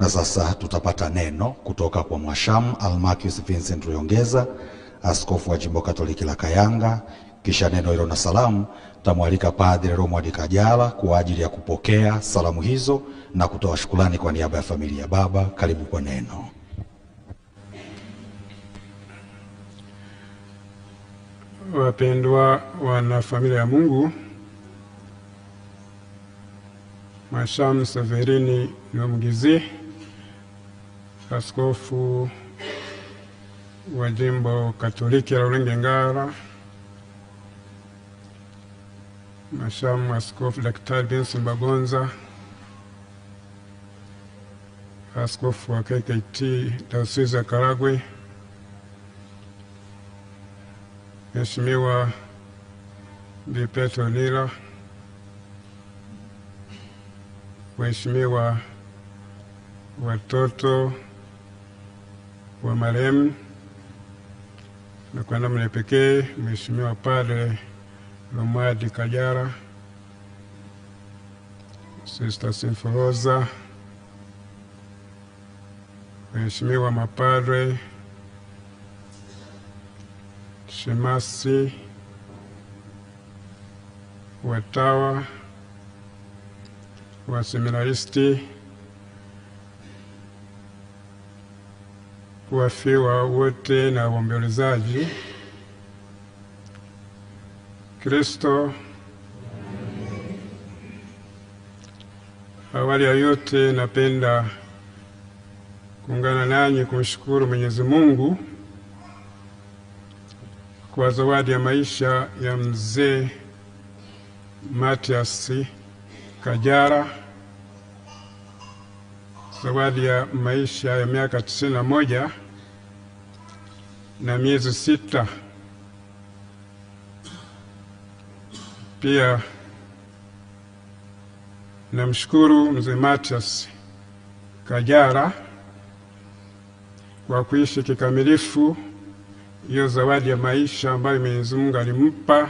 Na sasa tutapata neno kutoka kwa Mwashamu Almachius Vincent Ruyongeza, askofu wa jimbo Katoliki la Kayanga. Kisha neno hilo na salamu, tamwalika Padre Romwadi Kajala kwa ajili ya kupokea salamu hizo na kutoa shukrani kwa niaba ya familia Baba. Karibu kwa neno. Wapendwa wana familia ya Mungu, Mwashamu Severini Nimugizi askofu wa jimbo Katoliki la Ulenge Ngara, Mashamu Askofu Daktari Benson Bagonza, askofu wa KKT Dayosisi ya Karagwe, Mheshimiwa Bi Petro Lila, waheshimiwa watoto wa marehemu na kwa namna pekee Mheshimiwa Padre romadi Kajara, Sister Sinforoza, Mheshimiwa mapadre shemasi, watawa, waseminaristi Wasiwa wote na waombolezaji. Kristo, awali ya yote, napenda kuungana nanyi kumshukuru Mwenyezi Mungu kwa zawadi ya maisha ya mzee Matias Kajara zawadi ya maisha ya miaka tisini na moja na miezi sita. Pia namshukuru mzee Matias Kajara kwa kuishi kikamilifu hiyo zawadi ya maisha ambayo Mwenyezi Mungu alimpa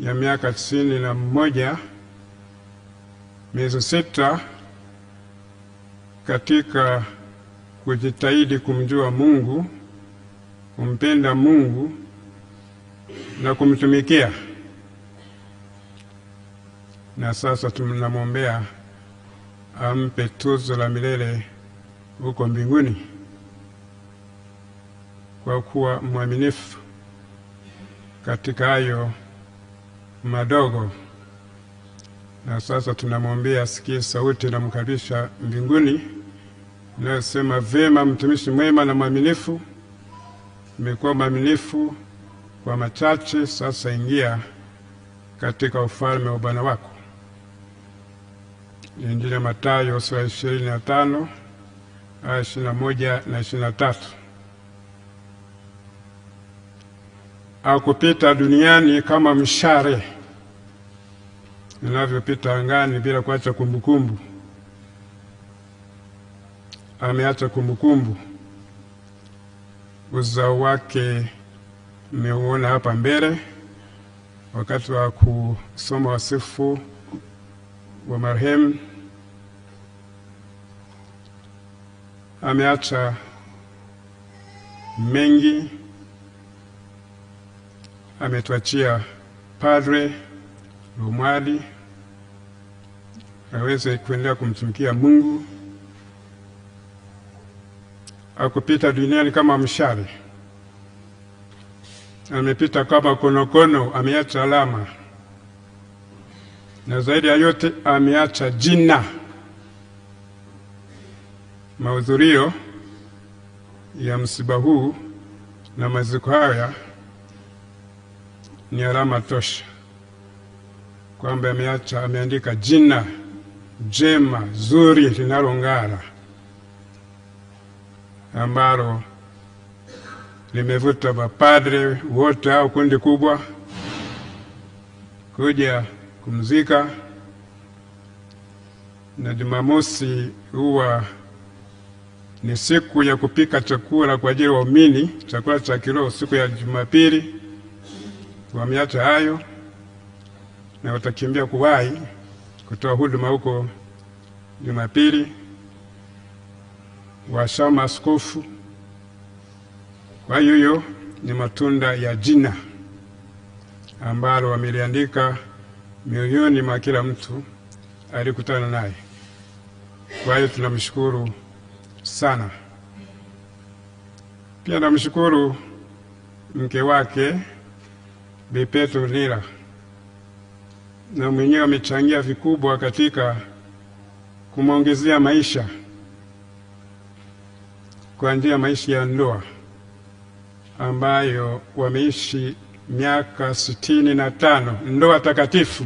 ya miaka tisini na moja miezi sita katika kujitahidi kumjua Mungu, kumpenda Mungu na kumtumikia. Na sasa tunamwombea ampe tuzo la milele huko mbinguni kwa kuwa mwaminifu katika hayo madogo. Na sasa tunamwombea asikie sauti na mkaribisha mbinguni. Nasema vyema, mtumishi mwema na mwaminifu, umekuwa mwaminifu kwa machache, sasa ingia katika ufalme wa Bwana wako. Injili ya Mathayo sura ishirini na tano aya ishirini na moja na ishirini na tatu. Akupita duniani kama mshare inavyopita angani bila kuacha kumbukumbu ameacha kumbukumbu. Uzao wake mmeuona hapa mbele wakati wa kusoma wasifu wa marehemu. Ameacha mengi, ametuachia Padre Lumwali aweze kuendelea kumtumikia Mungu akupita duniani kama mshale, amepita kama konokono, ameacha alama, na zaidi ya yote ameacha jina. Mahudhurio ya msiba huu na maziko haya ni alama tosha kwamba ameacha, ameandika jina jema zuri linalong'ara ambalo limevuta mapadre wote au kundi kubwa kuja kumzika, na Jumamosi huwa ni siku ya kupika chakula kwa ajili ya waumini, chakula cha kiroho. Siku ya Jumapili wameacha hayo na watakimbia kuwahi kutoa huduma huko Jumapili washa maskofu. Kwa hiyo hiyo ni matunda ya jina ambalo wameliandika mioyoni mwa kila mtu alikutana naye. Kwa hiyo tunamshukuru sana. Pia namshukuru mke wake Bi Petronila, na mwenyewe amechangia vikubwa katika kumwongezea maisha kwa njia maisha ya ndoa ambayo wameishi miaka sitini na tano ndoa takatifu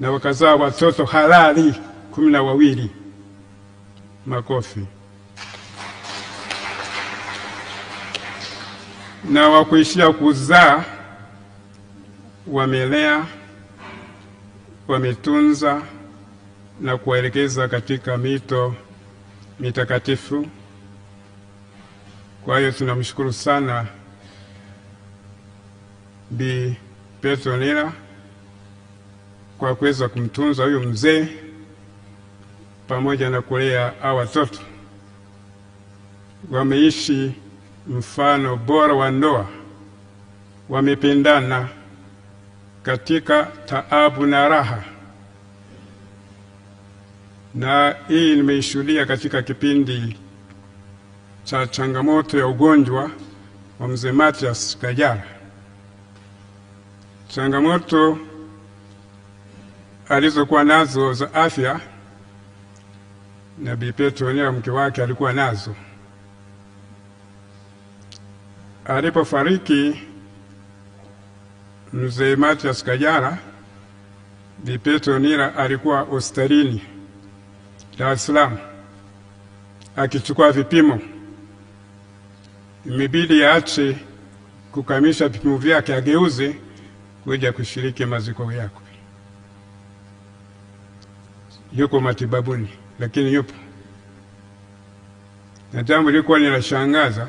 na wakazaa watoto halali kumi na wawili. Makofi. Na wakuishia kuzaa wamelea, wametunza na kuwaelekeza katika mito mitakatifu kwa hiyo tunamshukuru sana Bi Petronila kwa kuweza kumtunza huyu mzee pamoja na kulea hawa watoto. Wameishi mfano bora wa ndoa, wamependana katika taabu na raha, na hii nimeishuhudia katika kipindi cha changamoto ya ugonjwa wa Mzee-Mathias kajara changamoto alizokuwa nazo za afya na Bi Petunia mke wake alikuwa nazo. Alipofariki Mzee Mathias kajara Bi Petunia alikuwa hospitalini Dar es Salaam akichukua vipimo imebidi aache kukamisha vipimo vyake, ageuze kuja kushiriki maziko yako. Yuko matibabuni, lakini yupo. Na jambo lilikuwa linashangaza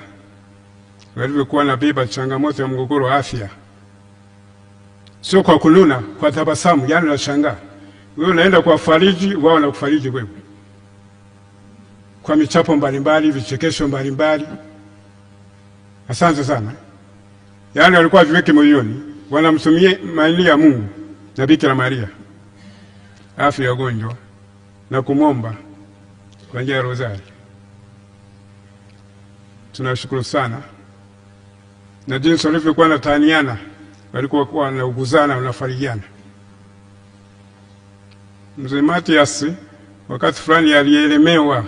walivyokuwa na biba changamoto ya mgogoro wa afya, sio kwa kununa, kwa tabasamu. Yani unashangaa wewe, unaenda kwa fariji wao na kufariji wewe, kwa michapo mbalimbali, vichekesho mbalimbali. Asante sana. Yaani walikuwa viweke moyoni, wanamsumie maili ya Mungu na Bikira Maria afya ya ugonjwa na kumwomba kwa njia ya rozari. Tunashukuru sana na jinsi walivyokuwa wanataaniana, walikuwa kuwa wanauguzana, wanafarijiana. Mzee Matiasi wakati fulani alielemewa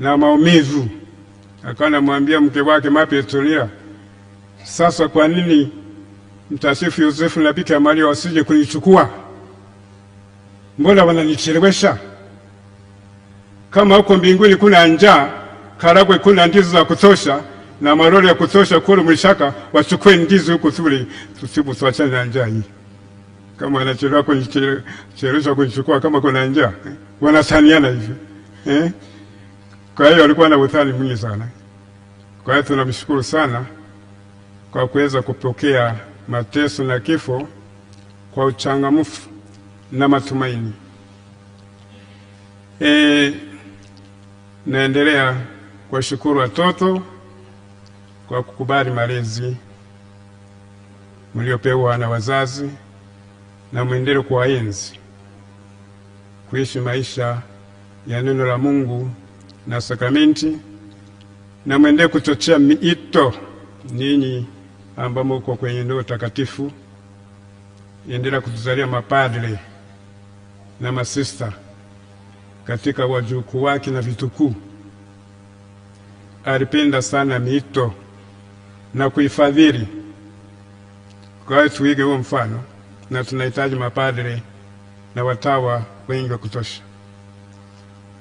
na maumivu akawa anamwambia mke wake Mama Pretoria, sasa kwa nini Mtakatifu Yosefu na Bikira Maria wasije kunichukua? Mbona wananichelewesha? Kama huko mbinguni kuna njaa, Karagwe kuna ndizi za kutosha na maroro ya kutosha kule mlishaka, wachukue ndizi huku tuli tusibu, tuachane na njaa hii. Kama anachelewa kunichelewesha kunichukua, kama kuna njaa eh, wanasaniana hivyo eh? Kwa hiyo alikuwa na uthari mwingi sana. Kwa hiyo tunamshukuru sana kwa kuweza kupokea mateso na kifo kwa uchangamfu na matumaini. E, naendelea kuwashukuru watoto kwa kukubali malezi mliopewa na wazazi na mwendelee kuwaenzi kuishi maisha ya neno la Mungu na sakramenti, na mwendee kuchochea miito ninyi ambamo mko kwenye ndoa takatifu. Endelea kutuzalia mapadre na masista katika wajukuu wake na vitukuu. Alipenda sana miito na kuifadhili. Kwa hiyo tuige huo mfano, na tunahitaji mapadre na watawa wengi wa kutosha.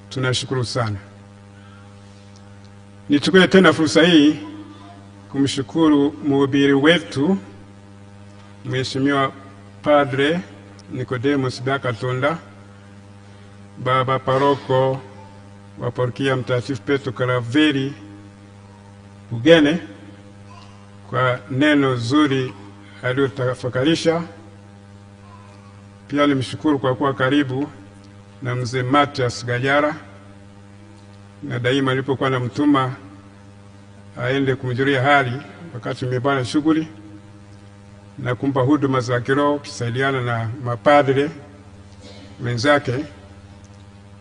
Tunashukuru sana. Nichukue tena fursa hii kumshukuru mhubiri wetu Mheshimiwa Padre Nicodemus Dakatunda, baba paroko wa parokia Mtakatifu Petro Karaveri Bugene kwa neno zuri aliyotafakarisha. Pia nimshukuru kwa kuwa karibu na mzee Matias Gajara na daima alipokuwa na mtuma aende kumjulia hali wakati imepana shughuli na kumpa huduma za kiroho, kisaidiana na mapadre wenzake.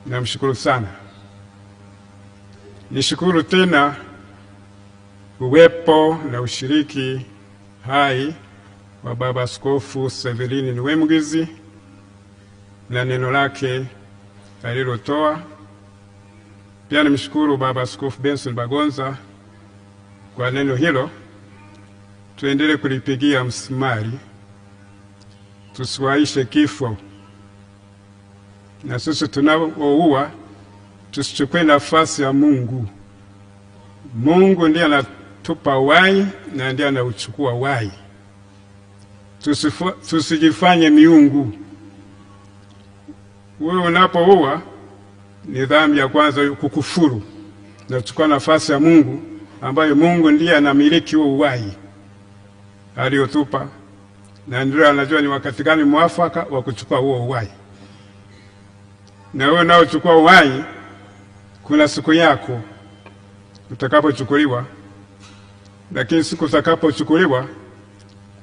Namshukuru sana. Nishukuru tena uwepo na ushiriki hai wa Baba Askofu Severini Niwemugizi na neno lake alilotoa pia nimshukuru Baba Askofu Benson Bagonza kwa neno hilo. Tuendelee kulipigia msumari, tusiwaishe kifo, na sisi tunaoua tusichukue nafasi ya Mungu. Mungu ndiye anatupa wai na ndiye anauchukua wai. Tusijifanye miungu. Wewe unapoua ni dhambi ya kwanza kukufuru, nachukua nafasi ya Mungu ambaye Mungu ndiye anamiliki huo uhai aliotupa na ndio anajua ni wakati gani mwafaka wa kuchukua huo uhai. Na wewe chukua uhai, kuna siku yako utakapochukuliwa, lakini siku utakapochukuliwa,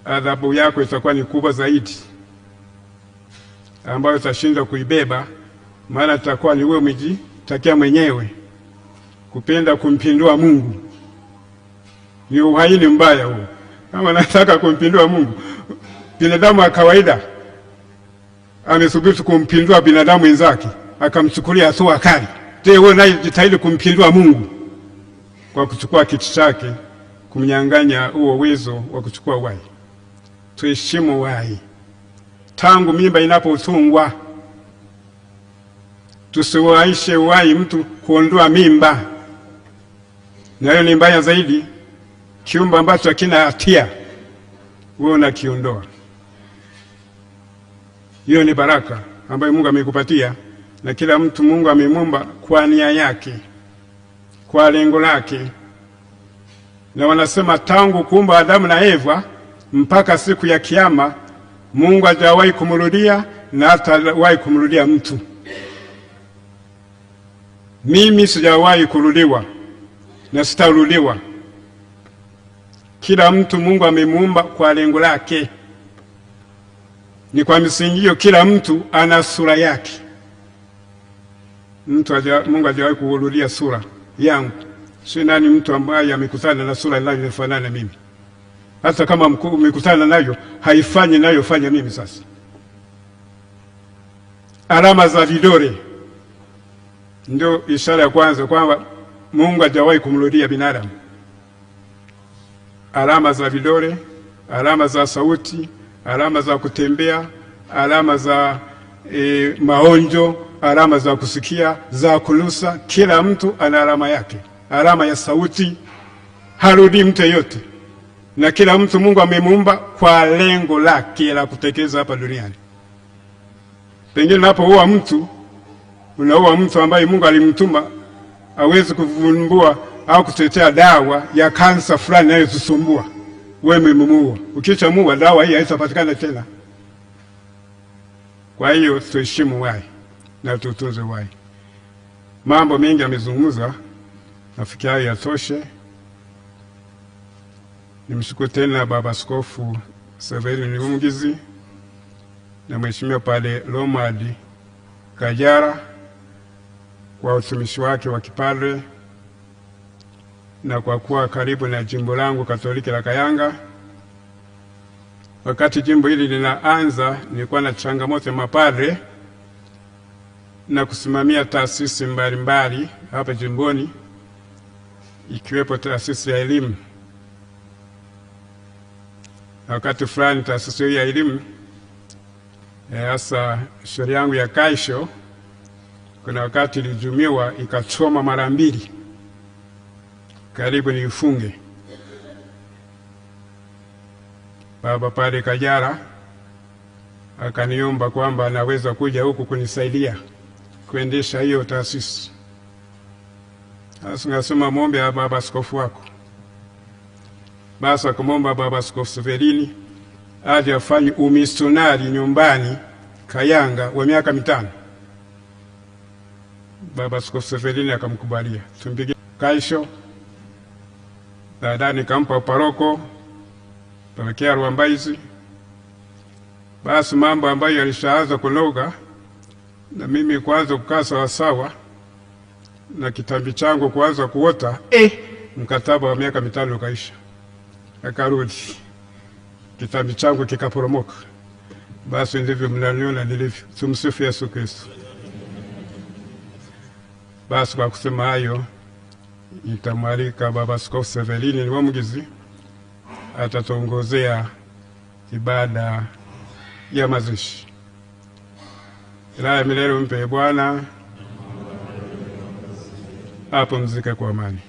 adhabu yako itakuwa ni kubwa zaidi, ambayo utashindwa kuibeba maana tutakuwa ni wewe umejitakia mwenyewe kupenda kumpindua Mungu. Ni uhaini mbaya huo. Kama nataka kumpindua Mungu, binadamu wa kawaida amethubutu kumpindua binadamu wenzake, akamchukulia hatua kali. Je, wewe naye jitahidi kumpindua Mungu kwa kuchukua kiti chake, kumnyang'anya huo uwezo wa kuchukua uhai. Tuheshimu uhai tangu mimba inapotungwa tusiwaishe uhai mtu kuondoa mimba, na hiyo ni mbaya zaidi. Kiumbe ambacho hakina hatia wewe unakiondoa, hiyo ni baraka ambayo Mungu amekupatia, na kila mtu Mungu amemumba kwa nia yake, kwa lengo lake, na wanasema tangu kuumba Adamu na Eva mpaka siku ya Kiyama Mungu hajawahi kumrudia na hatawahi kumrudia mtu. Mimi sijawahi kurudiwa na sitarudiwa. Kila mtu Mungu amemuumba kwa lengo lake. Ni kwa misingi hiyo, kila mtu ana sura yake. Mtu ajia, Mungu hajawahi kurudia sura yangu. Si nani mtu ambaye amekutana na sura inayofanana na mimi? Hata kama umekutana nayo, haifanyi nayofanya mimi. Sasa alama za vidole ndio ishara ya kwanza kwamba Mungu hajawahi kumrudia binadamu. Alama za vidole, alama za sauti, alama za kutembea, alama za e, maonjo, alama za kusikia, za kunusa. Kila mtu ana alama yake, alama ya sauti. Harudi mtu yeyote, na kila mtu Mungu amemuumba kwa lengo lake la kutekeleza hapa duniani. Pengine napo huwa mtu unaua mtu ambaye Mungu alimtuma awezi kuvumbua au kutetea dawa ya kansa fulani inayotusumbua. Wewe umemuua, ukishamuua dawa hii haitapatikana tena. Kwa hiyo tuheshimu wai na tutunze wai. Mambo mengi amezungumza nafikiri hayo yatoshe. Nimshukuru tena Baba Askofu Severi Niungizi na Mheshimiwa pale Romadi Kajara kwa utumishi wake wa kipadre na kwa kuwa karibu na jimbo langu Katoliki la Kayanga. Wakati jimbo hili linaanza, nilikuwa na changamoto ya mapadre na kusimamia taasisi mbalimbali hapa jimboni, ikiwepo taasisi ya elimu. Wakati fulani taasisi hiyo ya elimu eh, hasa e, yangu ya kaisho kuna wakati ilizumiwa ikachoma mara mbili, karibu niifunge. Baba pale Kajara akaniomba kwamba anaweza kuja huku kunisaidia kuendesha hiyo taasisi. Sasa ngasema mwombe a baba askofu wako. Basi akamwomba baba askofu Severini aje afanye umisionari nyumbani Kayanga wa miaka mitano. Baba Askofu Severini akamkubalia. Tumpige kaisho baadaye nikampa paroko pelekea Ruambaizi. Basi mambo ambayo yalishaanza kuloga na mimi kuanza kukaa sawasawa na kitambi changu kuanza kuota eh, mkataba wa miaka mitano ukaisha. Akarudi kitambi changu kikaporomoka. Basi ndivyo mnaniona nilivyo. Tumsifu Yesu Kristo. Basi kwa kusema hayo, nitamwalika Baba Askofu Severini Niwamugizi atatuongozea ibada ya mazishi. ilaya ya milele umpe Bwana, apumzike kwa amani.